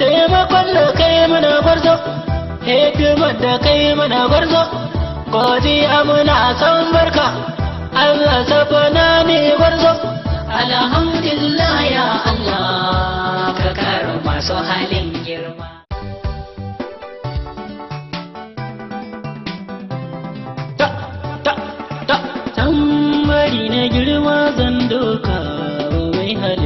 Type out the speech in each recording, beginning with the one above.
taimakon da kai mana gwarzo hikimar da kai mana gwarzo godiya muna san barka Allah sabana ne gwarzo alhamdulillah ya Allah ka karo masu halin girma tambari na girma zan doka mai hali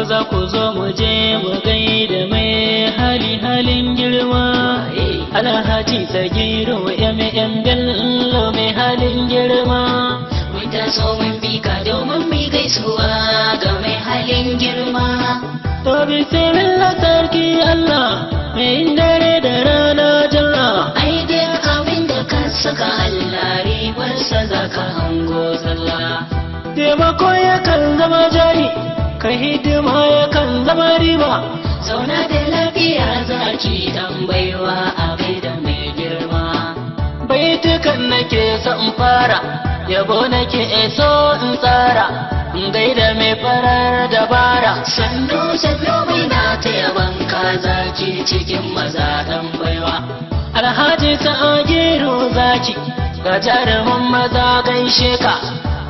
ko za ku zo mu je mu gaida mai hali halin girma alhaji sagiro giro bello mai halin girma mun ta so mun ka domin mu gaisuwa ga mai halin girma to bismillah sarki allah mai dare da rana jalla ai duk abin da ka saka allah ribarsa za ka hango zalla taimako yakan zama jari ka hidima ya kan zama riba zauna da lafiya za ki dan baiwa a da mai girma baitukan nake son fara yabo nake so in tsara gaida mai farar dabara sannu sannu mai na ta yaban kaza ki cikin maza dan alhaji ta agiru zaki ga jaruman maza gaishe ka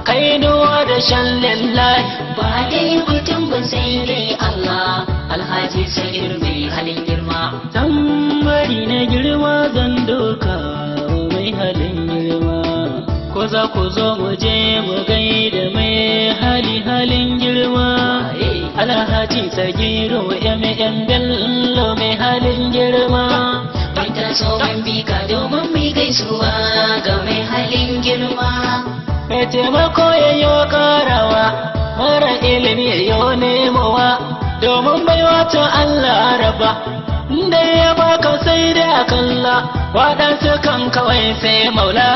kai duwa karshen lallai ba dai mutum ba sai dai Allah alhaji sa'ir mai halin girma tambari na girma zan doka mai halin girma ko za ku zo mu je mu gaida mai hali halin girma alhaji sagiro mm bello mai halin girma ban taso ban bi ka domin mai gaisuwa ga mai halin girma mai taimako ya yi karawa mara ilimi ya yi nemowa domin bai wata Allah raba inda ya baka sai da kalla waɗansu kan kawai sai maula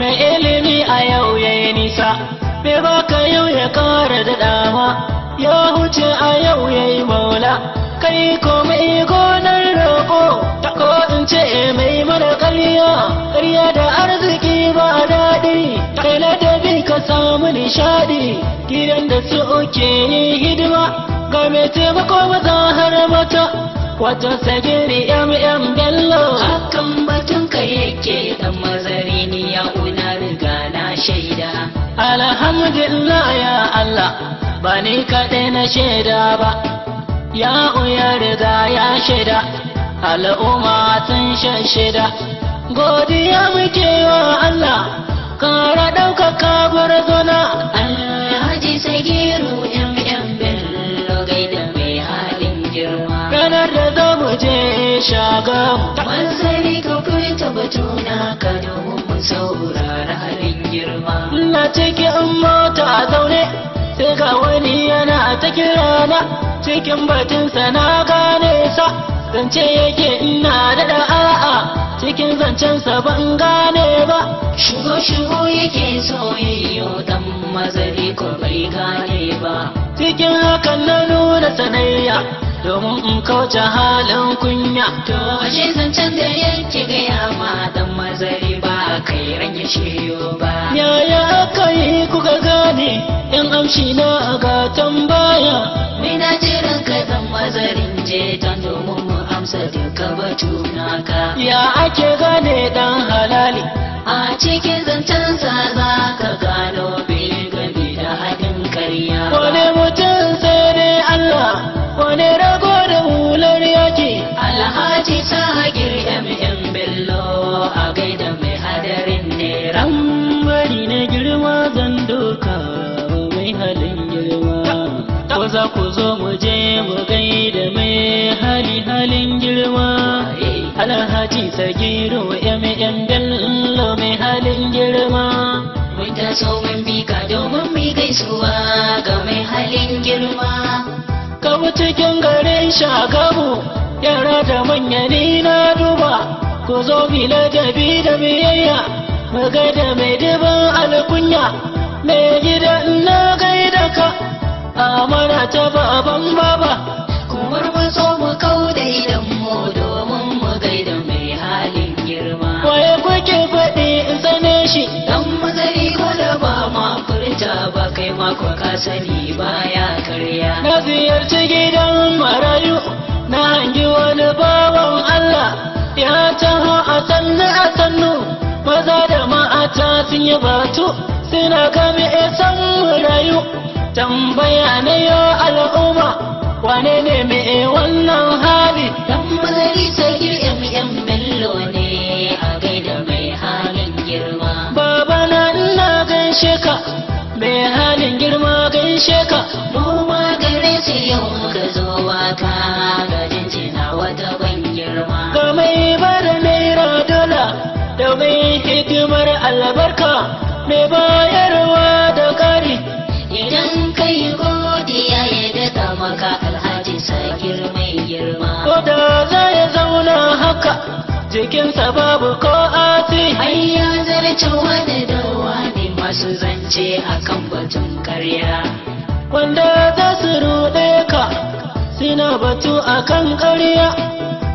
mai ilimi a yau ya yi nisa Mai baka yau ya kara da dama ya huce a yau ya yi maula kai komai gonar roƙo ta ko in ce mai mara ƙarya ƙarya da arziki ka samu nishadi gidan da su oke yi hidima ga taimako maza har mata wato sagiri mm bello hakan batun ka yake dan mazari ni ya una riga na shaida alhamdulillah ya allah ba ni kaɗai na shaida ba ya uya riga ya shaida al'umma sun shaida godiya muke wa allah kara ka kabar zona alhaji sai gero yan bello gaida mai halin girma ranar da zamu je shaga man sani ka furta batuna ka domin saurara halin girma na cikin mota a zaune sai ga wani yana ta kirana cikin batinsa na gane sa zance yake ina da a'a cikin zancensa ban gane ba shigo shigo yake soyayyo dan mazari ko bai gane ba cikin hakan na nuna sanayya domin in kauce halin kunya to ashe zancen da yake gaya ma dan mazari ba kai ranye shiyo ba yaya aka yi kuka gane in amshi na ga tambaya mina jiran ka dan mazarin je ta domin amsa duka batuna ka ya ake gane dan halali a cikin zancen sa za ka gano bai gani da haɗin karya ne mutum sai ne Allah ne rago da hular yaki alhaji sa girya mm bello a gaida mai hadarin ne bari na girma zan doka mai halin girma ko za ku zo mu gero ɗan bello mai halin girma mun taso mun bika domin mu gaisuwa ga mai halin girma kawo cikin garin shagabu yara da manya ni na duba ku zo bi ladabi da biyayya mu da mai duban alkunya mai gida na gaida ka amara ta baban baba kuma mun so mu kau da idan mu kuke faɗi in sane shi dan mazari ko da ba ma furta ba kai ma ko ka sani ba ya karya na ziyarci gidan marayu na hangi wani bawan Allah ya taho a sannu a sannu maza da ma'ata sun yi batu suna kame san marayu tambaya na yo al'umma wane ne mai wannan hali dan mazari ta yi mm bello gaishe ka mai halin girma gaishe ka mu ma gare su yau muka zo wa waka ga jinjina wata ban girma ga mai naira dola da mai hidimar albarka mai bayarwa da kari idan kai godiya ya daɗa maka Cikinsa babu ko ati ai ya zarcewa da dawa ne masu zance akan batun karya wanda za su ruɗe ka suna batu akan karya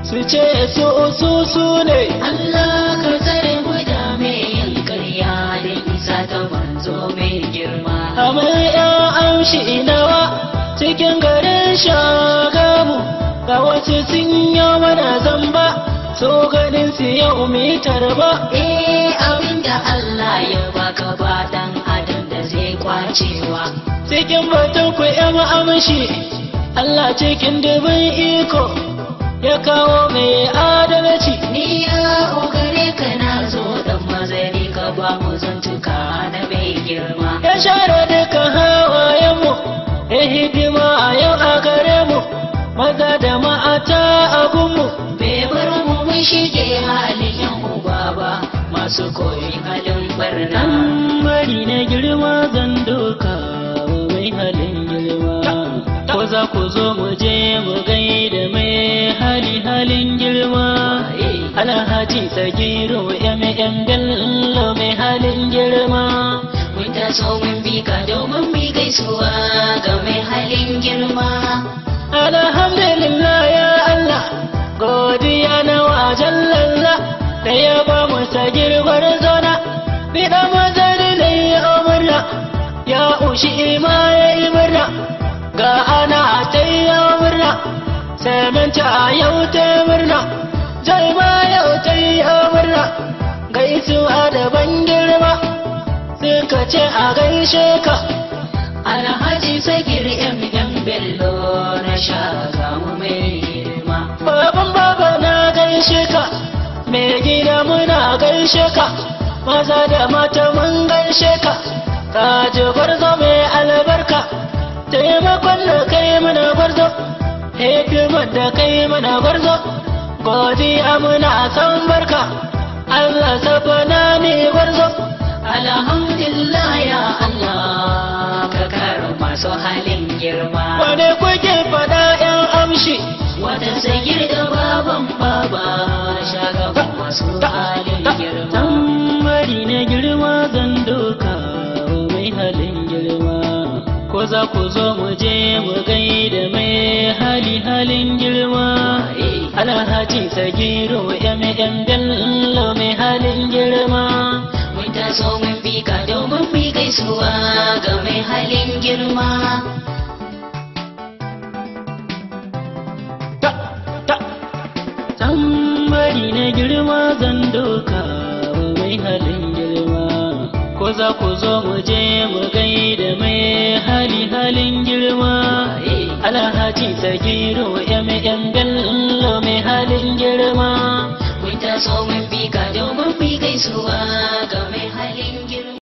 su ce su usu su ne Allah ka zare mu da yin karya da isa ta manzo mai girma amma ya amshi inawa cikin garin shagamu ga wace sun yi mana zamba so ganin su yau mitar ba eh da Allah ya baka ba dan adam da zai kwacewa cikin batun ku ya ma'amshi Allah cikin dubin iko ya kawo mai adalci ni ya sun shige halin yan uba ba masu koyin halin barna bari na girma zan doka wai halin girma ko za ku zo mu je mu gaida mai hali halin girma alhaji sagiro 'yan gallo mai halin girma mun taso mun bi ka domin mu gaisuwa ga mai halin girma alhamdulillah ya allah godiya na wajen lalla da ya ba mu sa girbar zona biɗa mazari ya amurna ya ushi ima ya yi murna ga ana ta ya murna Sai a yau ta murna jai ma yau ta yi murna gaisuwa da ban girma suka ce a gaishe ka alhaji sagir mm gaishe ka maza da mata mun gaishe ka ka ji gwarzo mai albarka taimakon da kai mana gwarzo hikimar da kai mana gwarzo godiya muna san barka Allah sabana ne gwarzo alhamdulillah ya Allah ka karo masu halin girma wane kuke faɗa yan amshi wata sayar da baban baba shagaban masu hali ku zo mu je mu gaida mai hali halin girma alhaji sagiro mm lo mai halin girma mun taso mun ka domin fi gaisuwa ga mai halin girma tambari na girma zan doka mai halin za ku zo mu je mu gai da mai hali halin girma alhaji sagiro yan gallo mai halin girma mun taso mun bi ka domin bi gaisuwa ga mai halin girma